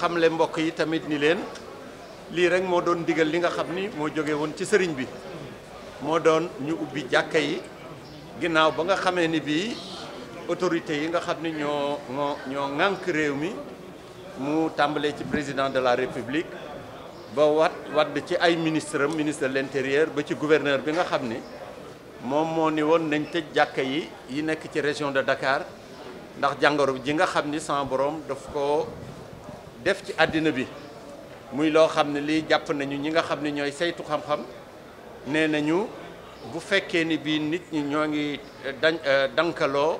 xam lee mbokk yi tamit ni leen lii rek moo doon digal li nga xam ni moo jóge woon ci sëriñ bi moo doon ñu ubbi jàkk yi ginnaaw ba nga xamee ni bii autorité yi nga xam ni ñoo ñoo ñoo réew mi mu tàmbalee ci président de la république ba wat wadd ci ay ministre am ministre de l'intérieur ba ci gouverneur bi nga xam ni moom moo ni woon nañ tëj jàkk yi yi nekk ci région de Dakar ndax jàngoro ji nga xam ni sans borom daf ko def ci àddina bi muy loo xam ne lii jàpp nañu ñi nga xam ne ñooy saytu xam-xam nee nañu bu fekkee ni bii nit ñi ñoo ngi eh, dañ eh, dankaloo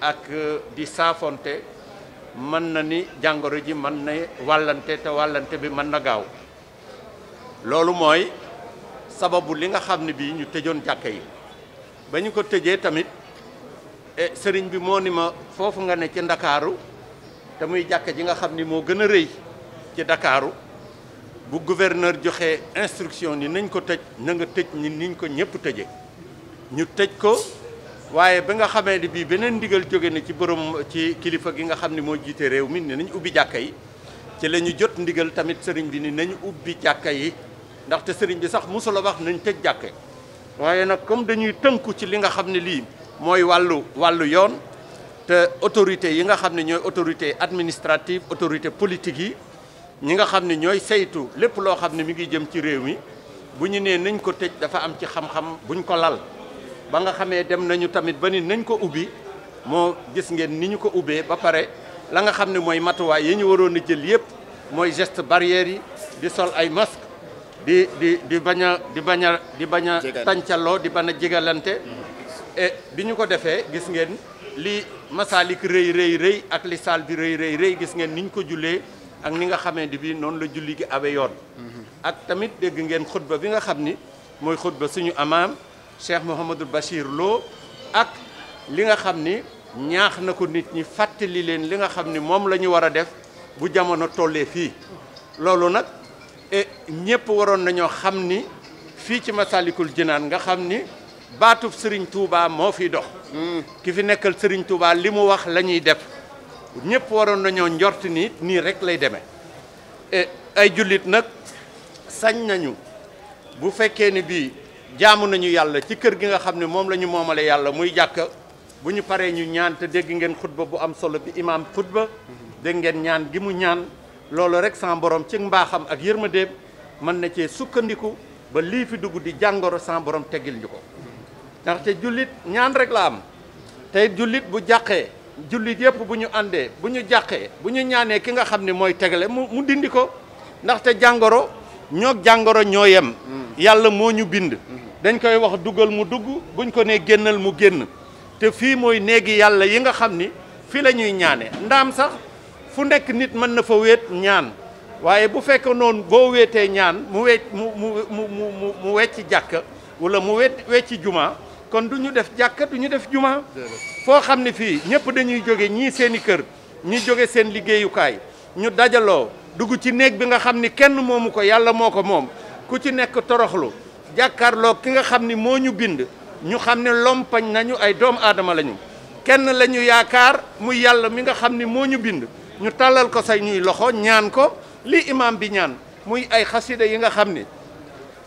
ak eh, di saafonte mën na ni jàngoro ji mën na wàllante te wàllante bi mën na gaaw loolu mooy sababu li nga xam ne bii ñu tëjoon jàkka yi ba ñu ko tëjee tamit sëriñ bi moo ni ma foofu nga ne ci Ndakaaru te muy jàkka ji nga xam ni moo gën a rëy ci Ndakaaru bu gouverneur joxe instruction ni nañ ko tëj na nga tëj ni niñ ko ñëpp tëje ñu tëj ko waaye ba nga xamee ni bii beneen ndigal jóge na ci borom ci kilifa gi nga xam ni moo jiite réew mi ne nañu ubbi jàkk yi ci la ñu jot ndigal tamit sëriñ bi ni nañu ubbi jàkk yi ndaxte sëriñ bi sax mosul a wax nañ tëj jàkka waaye nag comme dañuy tënku ci li nga xam ne lii mooy wàllu wàllu yoon te autorité yi nga xam ne ñooy autorité administrative autorité politique yi ñi nga xam ne ñooy saytu lépp loo xam ne mi ngi jëm ci réew mi bu ñu nee nañ ko tëj dafa am ci xam-xam buñ ko lal ba nga xamee dem nañu tamit ba ni nañ ko ubbi moo gis ngeen ni ñu ko ubbee ba pare la nga xam ne mooy matuwaay yi ñu waroon a jël yépp mooy geste barrière yi di sol ay masque di di di bañ a di bañ a di bañ a tàncaloo di bañ a jigalante bi ñu ko defee gis ngeen li masaalik rëy rëy rëy ak li bi rëy rëy rëy gis ngeen niñ ko jullee ak ni nga xamante bii noonu la julli gi awe yoon mhm. ak tamit dégg ngeen xutba bi nga xam ni mooy xutba suñu amaam Cheikh Mouhamadul Bachir loo ak li nga xam ni ñaax na ko nit ñi fàttali leen li nga xam ni moom lañu ñu war a def bu jamono tollee fii loolu nag e eh, ñëpp waroon nañoo xam ni fii ci Masalikul Jinaan nga xam ni baatub Sëriñ Tuubaa moo fiy dox ki fi nekkal sëriñ Touba li mu wax la ñuy def ñëpp waroon nañoo njort ni nii rek lay deme e, ay jullit nag sañ nañu bu fekkee ni bii jaamu nañu yàlla ci kër gi nga xam ne moom lañu moomale yàlla muy jàkka bu ñu paree ñu ñaan te dégg ngeen xutba bu am solo bi imaam xutba dégg ngeen ñaan gi mu ñaan loolu rek sans borom ci mbaaxam ak yërmandeem mën na cee sukkandiku ba lii fi dugg di jàngoro sans borom teggil ñu ko. ndaxte jullit ñaan rek la am tey jullit bu jàqee jullit yëpp bu ñu àndee bu ñu jàqee bu ñu ñaanee ki nga xam ne mooy tegale mu mu dindi ko ndaxte jàngoro ñoog jàngoro ñoo yem. Mm. yàlla moo ñu bind. Mm-hmm. dañ koy wax dugal mu dugg buñ ko nee génnal mu génn te fii mooy néegi yàlla yi nga xam ni fii la ñuy ñaanee ndaam sax fu nekk nit mën na fa wéet ñaan waaye bu fekk noonu boo wéetee ñaan mu wecc mu mu mu mu mu wecc jàkka wala mu wecc wecci jumaa kon du ñu def jàkka du ñu def juma. foo xam ne fii ñëpp dañuy jóge ñii seen i kër ñu jóge seen liggéeyukaay ñu dajaloo dugg ci néeg bi nga xam ni kenn moomu ko yàlla moo ko moom ku ci nekk toroxlu jàkkaarloo ki nga xam ni moo ñu bind ñu xam ne lompañ nañu ay doomu aadama lañu kenn la ñu yaakaar muy yàlla mi nga xam ni moo ñu bind ñu tàllal ko say ñuy loxo ñaan ko li imaam bi ñaan muy ay xasida yi nga xam ni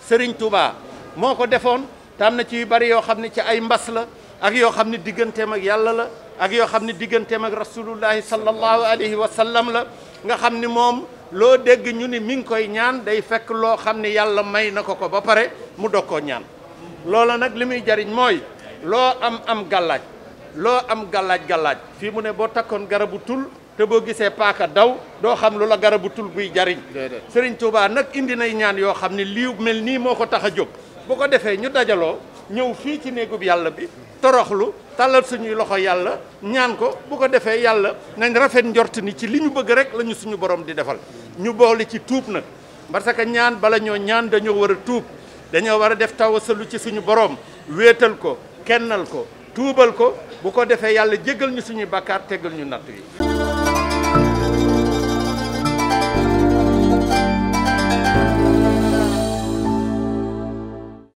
sëriñ Touba moo ko defoon. te am na ci yu bari yoo xam ne ci ay mbas la ak yoo xam ne digganteem ak yàlla la ak yoo xam ne digganteem ak rasulullahi sallallahu alayhi wa sallam la nga xam ni moom loo dégg ñu ni mi ngi koy ñaan day fekk loo xam ne yàlla may na ko ko ba pare mu dog koo ñaan loola nag li muy jariñ mooy loo am am gàllaaj loo am gàllaaj gàllaaj fii mu ne boo takkoon garabu tul te boo gisee paaka daw doo xam lu la garabu tul buy jariñ Serigne Touba nag indi nay ñaan yoo xam ne lii mel nii moo ko tax a jóg bu ko defee ñu dajaloo ñëw fii ci néegub yàlla bi toroxlu talal suñuy loxo yàlla ñaan ko bu ko defee yàlla nañ rafet njort ni ci li ñu bëgg rek la ñu suñu borom di defal ñu boole ci tuub nag parce que ñaan bala ñoo ñaan dañoo war a tuub dañoo war a def tawasalu ci suñu borom wéetal ko kennal ko tuubal ko bu ko defee yàlla jégal ñu suñuy bakkaar tegal ñu natt yi.